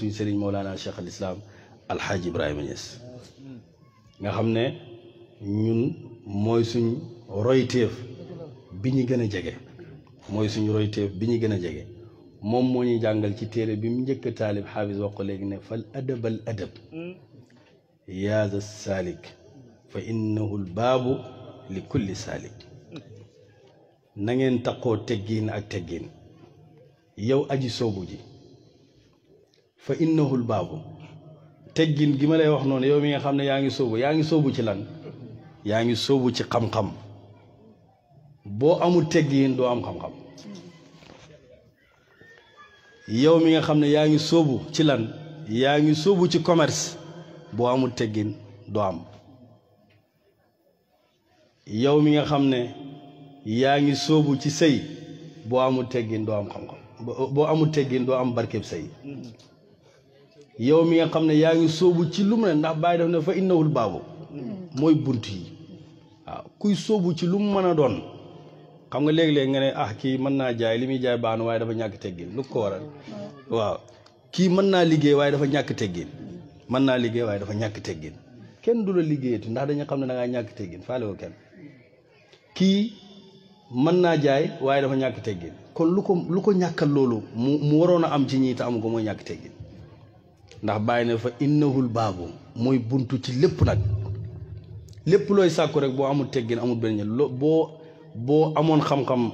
suñu sëriñ Mawlana Cheikh al Islam Alxaaji Ibrahima Niass nga xam ne ñun mooy suñ royteef bi ñu gën a jege mooy suñu royteef bi ñu gën a jege moom moo ñuy jàngal ci téere bi mu njëkk a taalib xaafis wax léegi ne fal adab al adab yaaza saalik fa innahu l baabu li kulli saalik na ngeen taqoo teggiin ak teggiin yow aji soobu ji fa innahul baabu teggin gi ma lay wax noonu yow mi nga xam ne yaa ngi sóobu yaa ngi sóobu ci lan yaa ngi sóobu ci xam-xam boo amul teggin doo am xam-xam yow mi nga xam ne yaa ngi sóobu ci lan yaa ngi sóobu ci commerce boo amul teggin doo am yow mi nga xam ne yaa ngi sóobu ci sëy boo amul teggin doo am xam-xam boo amul teggin doo am barkeb sey yow mi nga xam ne yaa ngi sóobu ci lu mu ne ndax bàyyi def ne fa innawul baabu mooy bunt yi waaw kuy soobu ci lu mu mën a doon xam nga léeg-léeg nga ne ah kii mën naa jaay li muy jaay baax na waaye dafa ñàkk teggin lu ko waral waaw kii mën naa liggéey waaye dafa ñàkk teggin mën naa liggéey waaye dafa ñàkk teggin kenn du la liggéeyati ndax dañu xam ne da ngaa ñàkk teggin faale woo kenn kii mën naa jaay waaye dafa ñàkk teggin kon lu ko lu ko ñàkkal loolu mu mu waroon a am ci ñiit te amu ko mooy ñàkk teggin ndax bàyyi na fa innahul baabu mooy buntu ci lépp nag lépp looy sàkku rek boo amul teggin amul benn ñël boo boo amoon xam-xam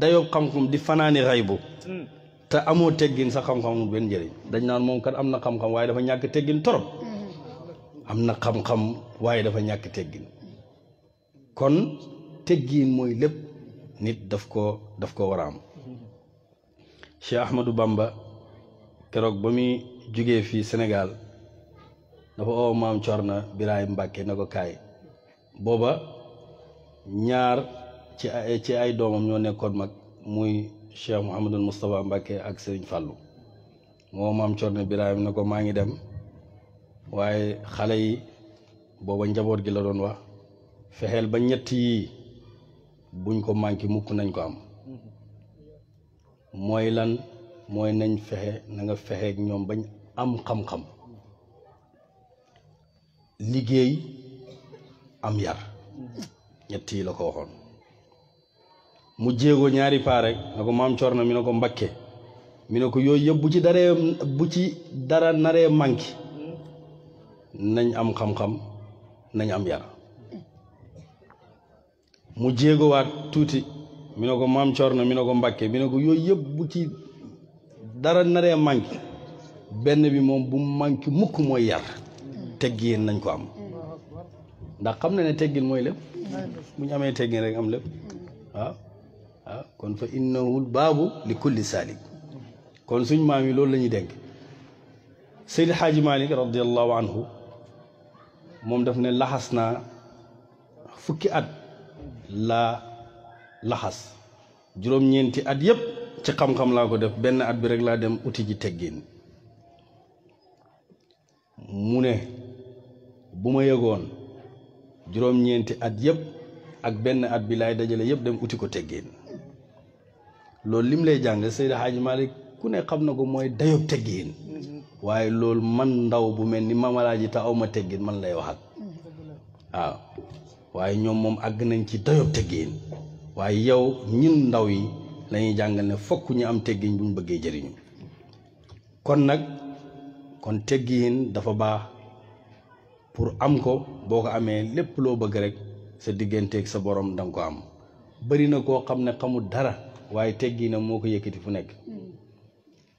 dayoo xam-xam di fanaani raybu hmm. te amoo teggin sa xam-xam amul benn njëriñ dañ naan moom kat am na xam-xam waaye dafa ñàkk teggin torop hmm. am na xam-xam waaye dafa ñàkk teggin kon teggin mooy lépp nit daf ko daf ko war a am hmm. Cheikh Ahmadou Bamba keroog ba jugee fii senegaal dafa oo maam Corna Birahim Mbàkke na ko kaay booba ñaar ci ay doomam ñoo nekkoon mag muy Cheikh Mouhamadul Moustapha Mbàkke ak Serigne Fallou moo maam Corna Birahim na ko maa ngi dem waaye xale yi booba njaboot gi la doon wax fexeel ba ñetti yii buñ ko manqué mukk nañ ko am mm-hmm. mooy lan mooy nañ fexe na nga fexe ñoom bañ am xam-xam liggéey am yar ñett yi la mu jéego ñaari paa rek na ko maam coor na mi ne ko mi ne ko yooyu ci daree bu ci dara naree manqué nañ am xam-xam nañ am yar mu jéegowaat tuuti mi ne ko maam coor na mi ne ko mi ne ko yooyu yëpp ci dara naree manqué benn bi moom bu manqué mukk mooy yar teggin nañ ko am ndax xam na ne teggin mooy lépp bu amee teggin rek am lépp kon fa innahul baabu li kulli saalik kon suñ maam yi loolu la ñuy dénk Seydi Xaaji Malik radiallahu anhu moom daf ne laxas naa fukki at la laxas juróom-ñeenti at yëpp ci xam-xam laa ko def benn at bi rek laa dem uti ji teggin mu ne bu ma yëgoon juróom-ñeenti at yëpp ak benn at bi lay dajale yëpp dem uti ko teggin loolu lim lay jàng Seydi Hadji ku ne xam na ko mooy dayob teggin waaye lool man ndaw bu mel ni mamalaaji te aw ma teggin man lay wax ak waaw waaye ñoom moom àgg nañ ci dayob teggin waaye yow ñun ndaw yi lañuy jàngal ne fokk ñu am teggin buñ bëggee jëriñu kon nag kon teggiin dafa baax pour am ko boo ko amee lépp loo bëgg rek sa digganteeg sa boroom danga ko am bëri na koo xam ne xamul dara waaye teggiinam moo ko yëkkati fu nekk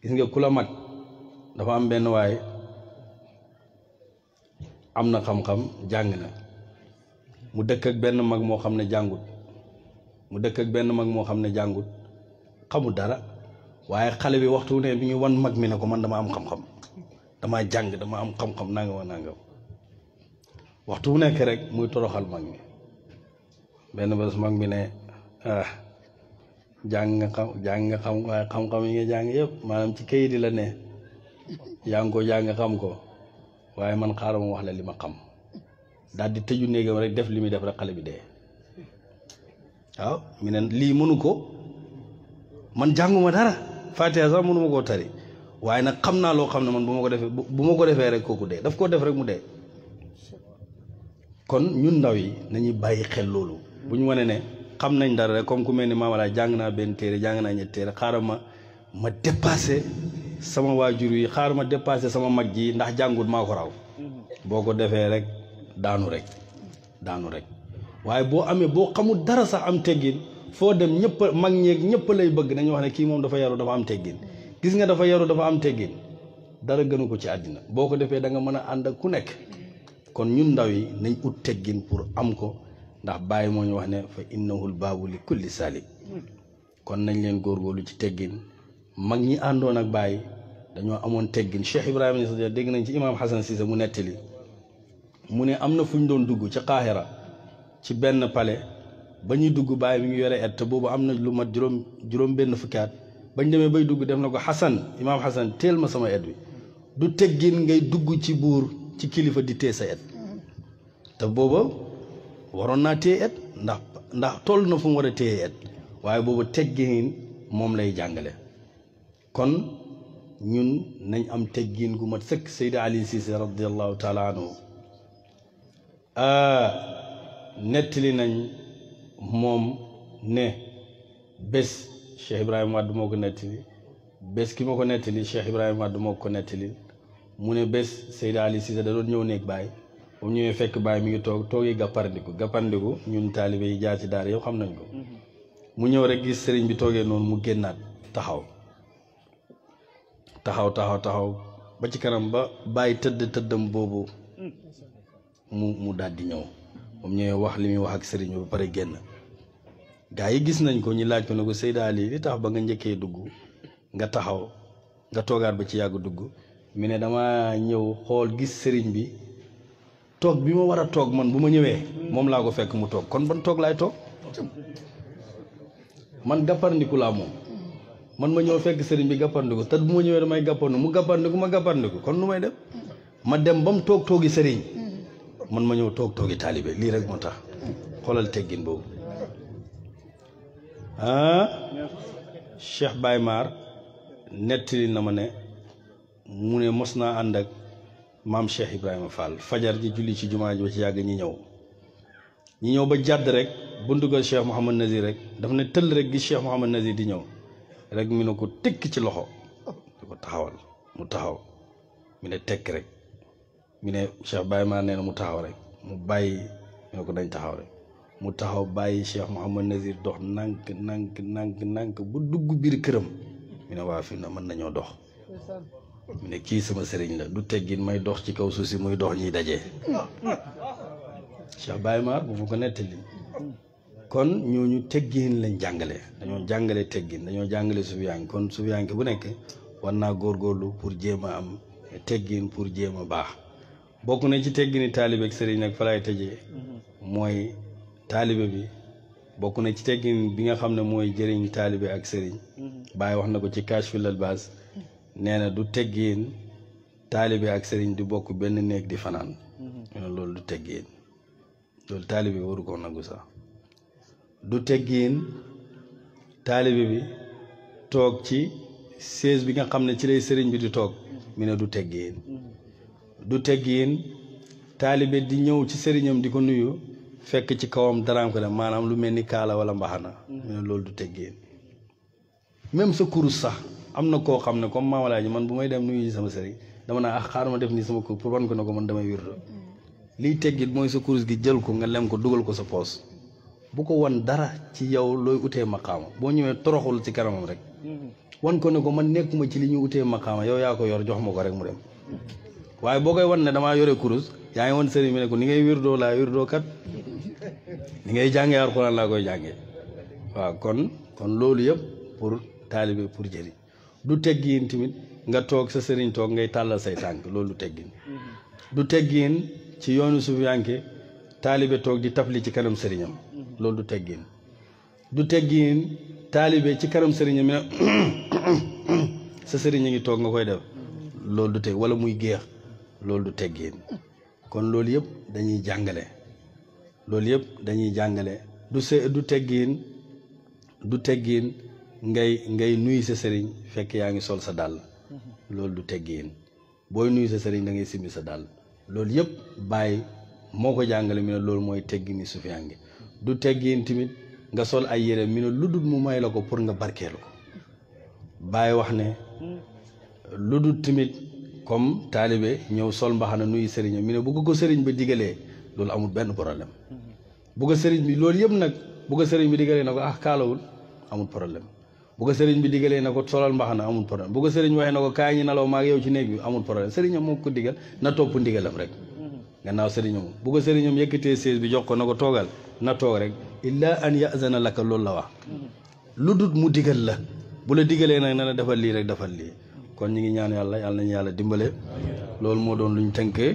gis nga ku la mag dafa am benn waaye am na xam-xam jàng na mu dëkk benn mag moo xam ne jàngut mu dëkk ak benn mag moo xam ne jàngut xamul dara waaye xale bi waxtu ne bi ñu wan mag mi ne ko man dama am xam-xam dama jàng dama am xam-xam nangam ak nangam waxtu bu nekk rek muy toroxal mag mi benn bés mag mi ne ah jàng nga xam jàng nga waaye xam-xam yi nga jàng yëpp maanaam ci kayit yi la ne yaa ngi ko jàng xam ko waaye man xaaral ma wax la li ma xam daal di tëju néegam rek def li muy def rek xale bi dee waaw mi ne lii mënu ko man jànguma dara fàttee sax mënuma koo tari waaye nag xam naa loo xam ne man bu ma ko defee bu ma ko defee rek kooku dee daf koo def rek mu dee kon ñun ndaw yi nañuy bàyyi xel loolu bu ñu wanee ne xam nañ dara rek comme ku mel ni maamalaay jàng naa benn téere jàng naa ñetti teere xaaral ma ma dépassé sama waajur yi xaaral ma dépassé sama mag ji ndax jàngut maa ko raw boo ko defee rek daanu rek daanu rek waaye boo amee boo xamul dara sax am teggin foo dem ñëpp mag ñeeg ñëpp lay bëgg nañu wax ne kii moom dafa yaru dafa am teggin gis nga dafa yaru dafa am teggin dara gënu ko ci àddina boo ko defee da nga mën a ànd ak ku nekk kon ñun ndaw yi nañ ut teggin pour am ko ndax bàyyi moo ñu wax ne fa innahul baabu li kulli saalik kon nañ leen góor góorgóorlu ci teggin mag ñi àndoon ak bàyyi dañoo amoon teggin Cheikh Ibrahima dégg nañ ci imaam Hassan Cissé mu nettali mu ne am na fu ñu doon dugg ci Qahira ci benn pale ba ñuy dugg bàyyi mi ngi yore et boobu am na lu mat juróom juróom benn bañ demee bay dugg def na ko xasan imaam xasan teel ma sama et bi du teggin ngay dugg ci buur ci kilifa di tee sa et te booba waroon naa téye et ndax ndax toll na fu mu war a téye et waaye booba teggin moom lay jàngale kon ñun nañ am teggin gu ma sëkk Seydi Ali Cissé radiallahu taala anhu nettali nañ moom ne bés Cheikh Ibrahima du moo ko nettali bés ki ma ko nettali Cheikh Ibrahima Wade moo ko nettali mu ne bés Seyda si Cissé da doon ñëw néeg baay ba mu ñëwee fekk baay mi ngi toog toogee gàpparandiku gàpparandiku ñun taalibe yi jaar si daara yow xam nañ ko mu ñëw rek gis sëriñ bi toogee noonu mu génnaat taxaw taxaw taxaw taxaw ba ci kanam ba bàyyi tëdd tëddam boobu mu mu daal di ñëw moom ñëwee wax li muy wax ak sëriñ bi ba pare génn gaa yi gis nañ ko ñu laaj ko ne ko Seydi Ali li tax ba nga njëkkee dugg nga taxaw nga toogaat ba ci yàgg dugg mu ne dama ñëw xool gis sëriñ bi toog bi ma war a toog man bu ma ñëwee moom laa ko fekk mu toog kon ban toog laay toog man gàppandiku laa moom man ma ñëw fekk sëriñ bi gàppandiku te bu ma ñëwee damay gàppandiku mu gàppandiku ma gàppandiku kon nu may dem ma dem ba mu toog toogi sëriñ man ma ñëw toog toogi taalibe lii rek moo tax xoolal teggin boobu ah Cheikh Baye Mar nettali na ma ne mu ne mos naa ànd ak maam Cheikh Ibrahima Fall fajar ji julli ci jumaa ji ba ci yàgg ñi ñëw ñi ñëw ba jàdd rek buntu kër Cheikh Mouhamad Nazir rek dafa ne tëll rek gi Cheikh Mouhamad Nazir di ñëw rek mu ne ko tekki ci loxo di ko taxawal mu taxaw mu ne tekki rek mu ne Cheikh Baye Mar nee na mu taxaw rek mu bàyyi mu ne ko dañ taxaw rek. mu taxaw bàyyi Cheikh Mouhamad Nazir dox nànk nànk nànk nànk bu dugg biir këram ñu ne waa fii na mën nañoo dox mu ne kii sama sëriñ la du teggin may dox ci kaw suuf si muy dox ñuy daje Cheikh Baye Mar bu mu ko nettali kon ñooñu teggin lañ jàngale dañoo jàngale teggin dañoo jàngale sufiyanke kon sufiyanke bu nekk war naa góorgóorlu pour jéem a am teggin pour jéem a baax bokk na ci teggini taalibe ak sëriñ nag fa laay tëjee mm-hmm. mooy taalibe bi bokk na ci teggin bi nga xam ne mooy jëriñ taalibe ak sëriñ mm-hmm. baay wax na ko ci Kashful Albas mm-hmm. nee na du teggin taalibe ak sëriñ di bokk benn néeg di fanaan mm-hmm. loolu du teggin loolu taalibe waru ko nangu sax du teggin taalibe bi toog ci chaise bi nga xam ne ci lay sëriñ bi di toog mu ne du teggin du teggin taalibe di ñëw ci sëriñam di ko nuyu fekk ci kawam daraam ko dem maanaam lu mel ni kaala wala mbaxana ñu mm. ne loolu du teggeen même sa kurus sax am na koo xam ne comme maamalaaji man bu may dem nuyu sama sëriñ dama naa ah xaar ma def nii sama kurus pour wan ko ne ko man damay wirdo mm. liy teggit mooy sa kurus gi jël ko nga lem ko dugal ko sa poos bu ko wan dara ci yow looy utee maqaama boo ñëwee toroxul ci kanamam rek mm. wan ko ne ko man nekkuma ci li ñu utee maqaama yow yaa ko yor jox ma ko rek mu dem waaye boo koy wane ne damaa yore kurus yaa ngi woon sëriñ bi ne ko ni ngay wirdoo laa wirdoo kat ni ngay jàngee alxuraan laa koy jàngee waaw kon kon loolu yëpp pour taalibe pour jëriñ du teggiin tamit nga toog sa sëriñ toog ngay tàllal say tànk loolu du teggin du teggiin ci yoonu sufiyanke taalibe toog di tafli ci kanam sëriñam loolu du teggiin du teggiin taalibe ci kanam sëriñam ne sa sëriñ a ngi toog nga koy def loolu du teg wala muy géex loolu du teggeen kon loolu yëpp dañuy jàngale loolu yëpp dañuy jàngale du se du teggeen du teggeen ngay ngay nuyu sa sëriñ fekk yaa ngi sol sa dàll loolu du teggeen booy nuyu sa sëriñ da ngay simmi sa dàll loolu yëpp bàyyi moo ko jàngale mi ne loolu mooy teggini sufiyange du teggeen tamit nga sol ay yére mi ne lu dul mu may la ko pour nga barkeelu ko bàyyi wax ne hmm. lu dul tamit comme taalibe ñëw sol mbaxana nuyu sëriñam mi ne bu ko sëriñ ba digalee loolu amul benn problème bu ko sëriñ bi loolu yëpp nag bu ko sëriñ bi digalee na ko ah kaalawul amul problème bu ko sëriñ bi digalee na ko solal mbaxana amul problème bu ko sëriñ waxee na ko kaay ñi nalaw maa yow ci néeg bi amul problème sëriñam moo ko digal na topp ndigalam rek gannaaw sëriñam bu ko sëriñam yëkkatee sées bi jox ko na ko toogal na toog rek illa an yazana laka loolu lu dut mu digal la bu la digalee nag na la defal lii rek defal lii kon ñu ngi ñaan yàlla yàlla nañu yàlla dimbale loolu moo doon luñ tënkee